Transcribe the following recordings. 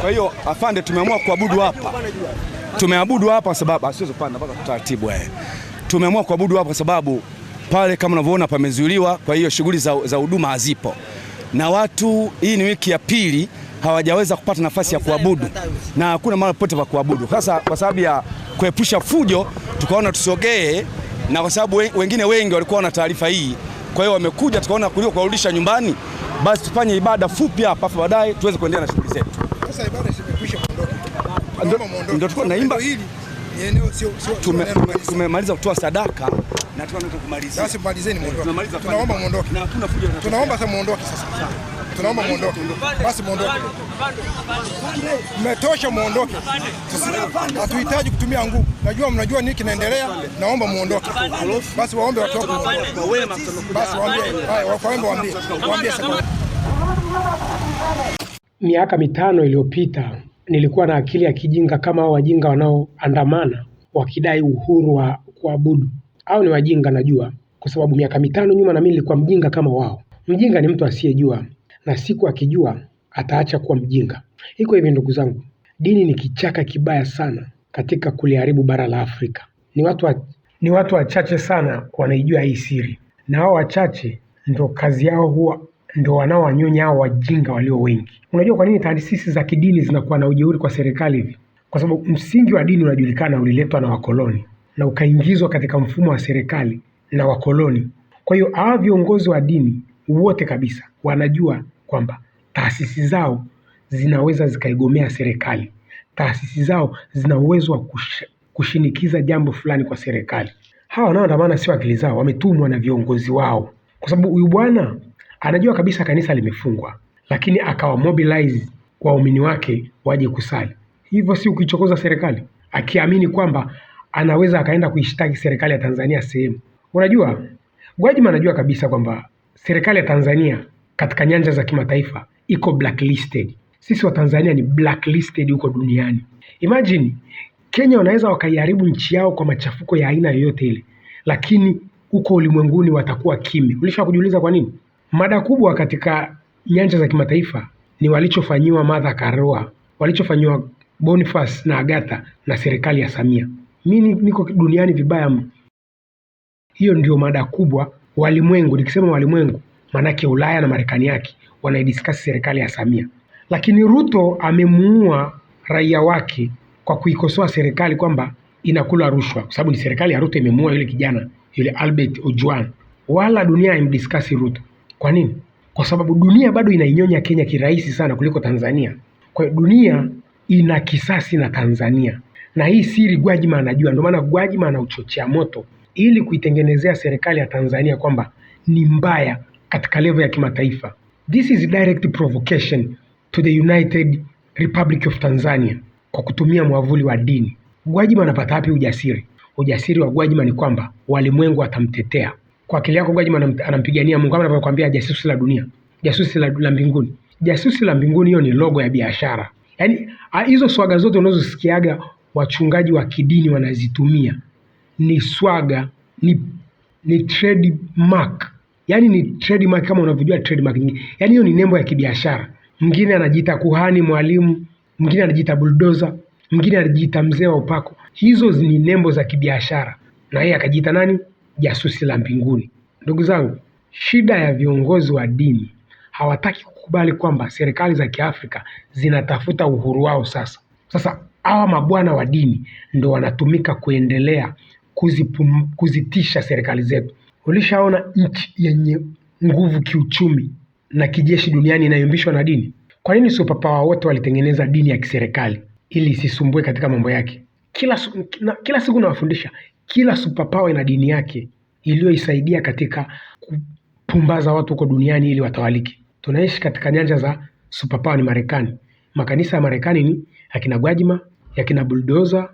Kwa hiyo afande, tumeamua kuabudu hapa, tumeabudu hapa sababu asiwezi ah, kupanda mpaka taratibu eh, tumeamua kuabudu hapa kwa sababu pale kama unavyoona pamezuiliwa, kwa hiyo shughuli za huduma hazipo na watu, hii ni wiki ya pili hawajaweza kupata nafasi ya kuabudu na hakuna mahali popote pa kuabudu. Sasa kwa sababu ya kuepusha fujo, tukaona tusogee, na kwa sababu wengine wengi walikuwa na taarifa hii, kwa hiyo wamekuja, tukaona kuliko kuwarudisha nyumbani, basi tufanye ibada fupi hapa, afu baadaye tuweze kuendelea na shughuli zetu sasa ibada kuondoka. Ndio naimba hili tumemaliza kutoa sadaka na tunaanza kumaliza. Sasa malizeni muondoke. Tunaomba muondoke. Na hakuna fujo. Tunaomba sasa muondoke sasa. Tunaomba muondoke. Basi muondoke. Mmetosha muondoke. Hatuhitaji kutumia nguvu. Najua mnajua nini kinaendelea. Naomba muondoke. Basi waombe watoke. Basi waambie, haya waombe waambie. Waambie sasa miaka mitano iliyopita nilikuwa na akili ya kijinga kama hao wajinga wanaoandamana wakidai uhuru wa kuabudu. au ni wajinga najua, kwa sababu miaka mitano nyuma na mimi nilikuwa mjinga kama wao. Mjinga ni mtu asiyejua, na siku akijua ataacha kuwa mjinga. Iko hivi ndugu zangu, dini ni kichaka kibaya sana katika kuliharibu bara la Afrika. Ni watu wa, ni watu wachache sana wanaijua hii siri, na hao wachache ndio kazi yao huwa ndio wanaowanyonya hao wajinga walio wengi. Unajua kwa nini taasisi za kidini zinakuwa na ujeuri kwa serikali hivi? Kwa sababu msingi wa dini unajulikana, uliletwa na wakoloni na ukaingizwa katika mfumo wa serikali na wakoloni. Kwa hiyo hawa viongozi wa dini wote kabisa wanajua kwamba taasisi zao zinaweza zikaigomea serikali, taasisi zao zina uwezo wa kushinikiza jambo fulani kwa serikali. Hawa wanaoandamana sio akili zao, wametumwa na viongozi wao, kwa sababu huyu bwana Anajua kabisa kanisa limefungwa, lakini akawa mobilize waumini wake waje kusali. Hivyo si ukichokoza serikali, akiamini kwamba anaweza akaenda kuishtaki serikali ya Tanzania sehemu. Unajua, Gwajima anajua kabisa kwamba serikali ya Tanzania katika nyanja za kimataifa iko blacklisted. Sisi wa Tanzania ni blacklisted huko duniani. Imagine Kenya wanaweza wakaiharibu nchi yao kwa machafuko ya aina yoyote ile, lakini huko ulimwenguni watakuwa kimya. Ulisha kujiuliza kwa nini? Mada kubwa katika nyanja za kimataifa ni walichofanyiwa Martha Karua, walichofanyiwa Boniface na Agatha na serikali ya Samia. Mimi niko duniani vibaya Hiyo ndio mada kubwa walimwengu. Nikisema walimwengu, maanake Ulaya na Marekani yake wanaidiskasi serikali ya Samia. Lakini Ruto amemuua raia wake kwa kuikosoa serikali kwamba inakula rushwa, kwa sababu ni serikali ya Ruto imemuua yule kijana yule Albert Ojwang, wala dunia haimdiskasi Ruto. Kwa nini? Kwa sababu dunia bado inainyonya Kenya kirahisi sana kuliko Tanzania. Kwa hiyo dunia ina kisasi na Tanzania. Na hii siri Gwajima anajua, ndio maana Gwajima anauchochea moto ili kuitengenezea serikali ya Tanzania kwamba ni mbaya katika level ya kimataifa. This is direct provocation to the United Republic of Tanzania kwa kutumia mwavuli wa dini. Gwajima anapata wapi ujasiri? Ujasiri wa Gwajima ni kwamba walimwengu watamtetea kwa akili yako Gwajima anampigania Mungu kama anavyokuambia jasusi la dunia, jasusi la, la mbinguni. Jasusi la mbinguni hiyo ni logo ya biashara. Yaani hizo swaga zote unazosikiaga wachungaji wa kidini wanazitumia ni swaga, ni ni trademark. Yaani ni trademark kama unavyojua trademark nyingine. Yaani hiyo ni nembo ya kibiashara. Mwingine anajiita kuhani mwalimu, mwingine anajiita bulldozer, mwingine anajiita mzee wa upako. Hizo ni nembo za kibiashara. Na yeye akajiita nani? jasusi la mbinguni. Ndugu zangu, shida ya viongozi wa dini hawataki kukubali kwamba serikali za Kiafrika zinatafuta uhuru wao sasa. Sasa hawa mabwana wa dini ndo wanatumika kuendelea kuzipum, kuzitisha serikali zetu. Ulishaona nchi yenye nguvu kiuchumi na kijeshi duniani inayombishwa na dini? Kwa nini superpower wote walitengeneza dini ya kiserikali ili isisumbue katika mambo yake? Kila, na, kila siku nawafundisha, kila superpower ina dini yake iliyoisaidia katika kupumbaza watu huko duniani ili watawalike. Tunaishi katika nyanja za superpower ni Marekani. Makanisa ya Marekani ni yakina Gwajima, yakina Buldoza,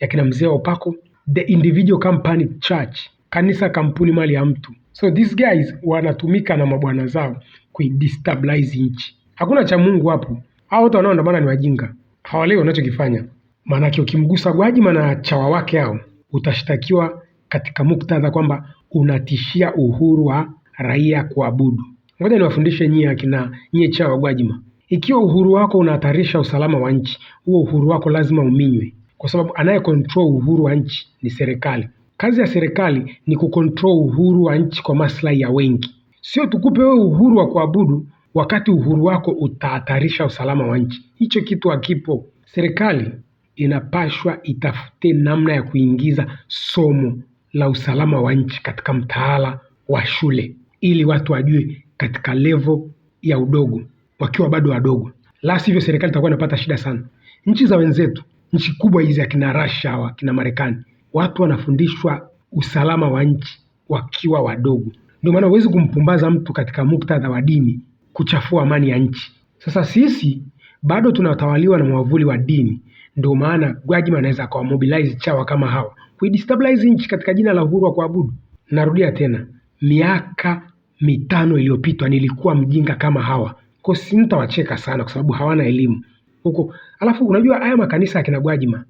yakina Mzee wa Upako, the individual company church, kanisa kampuni mali ya mtu. So these guys wanatumika na mabwana zao kuidestabilize nchi. Hakuna cha Mungu hapo. Hao watu wanaoandamana ni wajinga, hawaelewi wanachokifanya. Maanake ukimgusa Gwajima na chawa wake hao utashtakiwa katika muktadha kwamba unatishia uhuru wa raia kuabudu. Ngoja niwafundishe nyie akina nyie cha Wagwajima, ikiwa uhuru wako unahatarisha usalama wa nchi, huo uhuru wako lazima uminywe, kwa sababu anaye control uhuru wa nchi ni serikali. Kazi ya serikali ni kucontrol uhuru wa nchi kwa maslahi ya wengi, sio tukupe wewe uhuru wa kuabudu wakati uhuru wako utahatarisha usalama wa nchi. Hicho kitu hakipo. Serikali inapashwa itafute namna ya kuingiza somo la usalama wa nchi katika mtaala wa shule ili watu wajue katika level ya udogo wakiwa bado wadogo, la sivyo serikali itakuwa inapata shida sana. Nchi za wenzetu, nchi kubwa hizi akina Russia au akina Marekani, watu wanafundishwa usalama wa nchi wakiwa wadogo. Ndio maana huwezi kumpumbaza mtu katika muktadha wa dini kuchafua amani ya nchi. Sasa sisi bado tunatawaliwa na mwavuli wa dini, ndio maana Gwajima anaweza mobilize chawa kama hawa kuidestabilize nchi katika jina la uhuru wa kuabudu. Narudia tena, miaka mitano iliyopita nilikuwa mjinga kama hawa, kwa sintawacheka sana kwa sababu hawana elimu huko. Alafu unajua haya makanisa ya kina Gwajima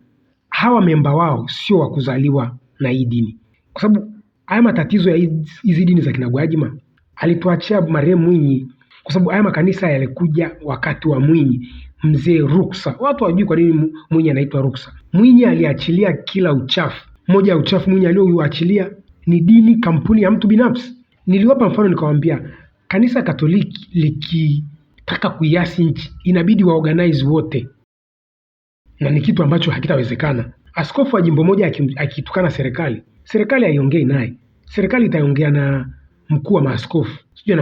hawa memba wao sio wa kuzaliwa na hii dini, kwa sababu haya matatizo ya hizi dini za kina Gwajima alituachia marehemu Mwinyi, kwa sababu haya makanisa yalikuja wakati wa Mwinyi mzee Ruksa. Watu hawajui kwa nini Mwinyi anaitwa Ruksa. Mwinyi aliachilia kila uchafu moja ya uchafu mwenye aliouachilia ni dini, kampuni ya mtu binafsi. Niliwapa mfano nikawaambia, kanisa Katoliki likitaka kuiasi nchi inabidi waorganize wote, na ni kitu ambacho hakitawezekana. Askofu wa jimbo moja akitukana serikali, serikali haiongei naye, serikali itaongea na mkuu wa maaskofu, sijui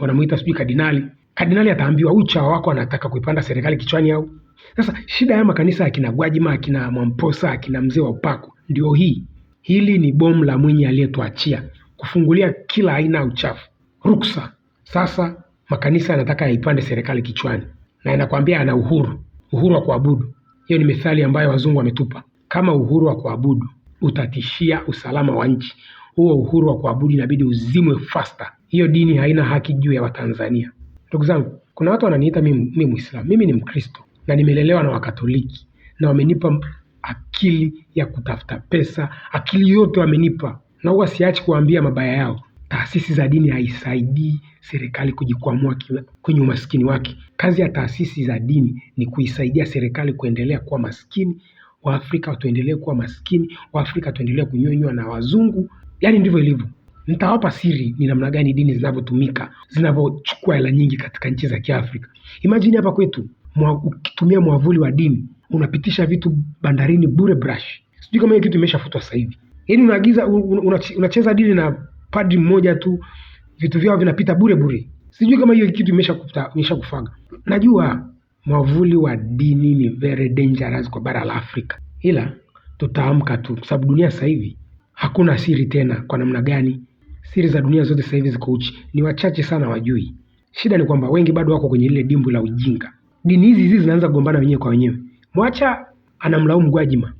wanamuita sijui kardinali. Kardinali ataambiwa huyu chawa wako anataka kuipanda serikali kichwani au sasa shida ya makanisa akina Gwajima, akina Mwamposa, akina mzee wa upako ndio hii. Hili ni bomu la Mwinyi aliyetuachia kufungulia kila aina ya uchafu ruksa. Sasa makanisa yanataka yaipande serikali kichwani, na inakwambia ana uhuru, uhuru wa kuabudu. Hiyo ni methali ambayo wazungu wametupa. Kama uhuru wa kuabudu utatishia usalama wa nchi, huo uhuru wa kuabudu inabidi uzimwe fasta. Hiyo dini haina haki juu ya Watanzania. Ndugu zangu, kuna watu wananiita mimi Muislamu, mimi ni Mkristo, na nimelelewa na Wakatoliki na wamenipa akili ya kutafuta pesa, akili yote wamenipa, na huwa siachi kuwaambia mabaya yao. Taasisi za dini haisaidii serikali kujikwamua kwenye umaskini wake. Kazi ya taasisi za dini ni kuisaidia serikali kuendelea kuwa maskini, Waafrika tuendelee kuwa maskini, Waafrika tuendelee kunyonywa na wazungu. Yaani ndivyo ilivyo. Nitawapa siri ni namna gani dini zinavyotumika, zinavyochukua hela nyingi katika nchi za Kiafrika. Imagine hapa kwetu mwa, ukitumia mwavuli wa dini unapitisha vitu bandarini bure brush. Sijui kama hiyo kitu imeshafutwa sasa hivi. Yaani unaagiza unacheza dini na padri mmoja tu, vitu vyao vinapita bure bure. Sijui kama hiyo kitu imeshakufuta imeshakufaga. Najua mwavuli wa dini ni very dangerous kwa bara la Afrika, ila tutaamka tu, kwa sababu dunia sasa hivi hakuna siri tena. Kwa namna gani? Siri za dunia zote sasa hivi ziko uchi, ni wachache sana wajui. Shida ni kwamba wengi bado wako kwenye lile dimbwi la ujinga dini hizi hizi zinaanza kugombana wenyewe kwa wenyewe. Mwacha anamlaumu Gwajima.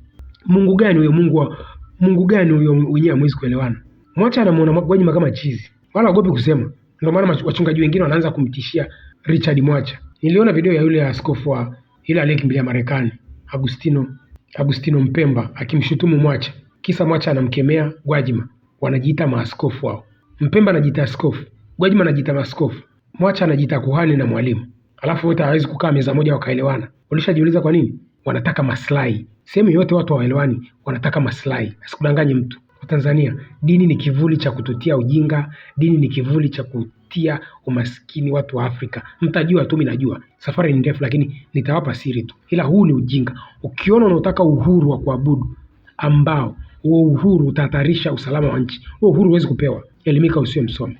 Mungu gani huyo Mungu wa Mungu gani huyo wenyewe hamwezi kuelewana. Mwacha anamuona Gwajima kama chizi. Wala ogopi kusema. Ndio maana wachungaji wengine wanaanza kumtishia Richard Mwacha. Niliona video ya yule askofu wa ile aliyekimbilia Marekani, Agustino Agustino Mpemba akimshutumu Mwacha. Kisa Mwacha anamkemea Gwajima. Wanajiita maaskofu wao. Mpemba anajiita askofu, Gwajima anajiita maaskofu, Mwacha anajiita kuhani na mwalimu alafu wote hawawezi kukaa meza moja wakaelewana. Ulishajiuliza kwa nini? Wanataka maslahi. Sehemu yote watu hawaelewani, wanataka maslahi. Asikudanganye mtu. Tanzania, dini ni kivuli cha kututia ujinga, dini ni kivuli cha kutia umaskini watu wa Afrika. Mtajua tu, mimi najua safari ni ndefu, lakini nitawapa siri tu, ila huu ni ujinga. Ukiona unataka uhuru wa kuabudu ambao huo uhuru utahatarisha usalama wa nchi, huo uhuru huwezi kupewa. Elimika usiwe msomi.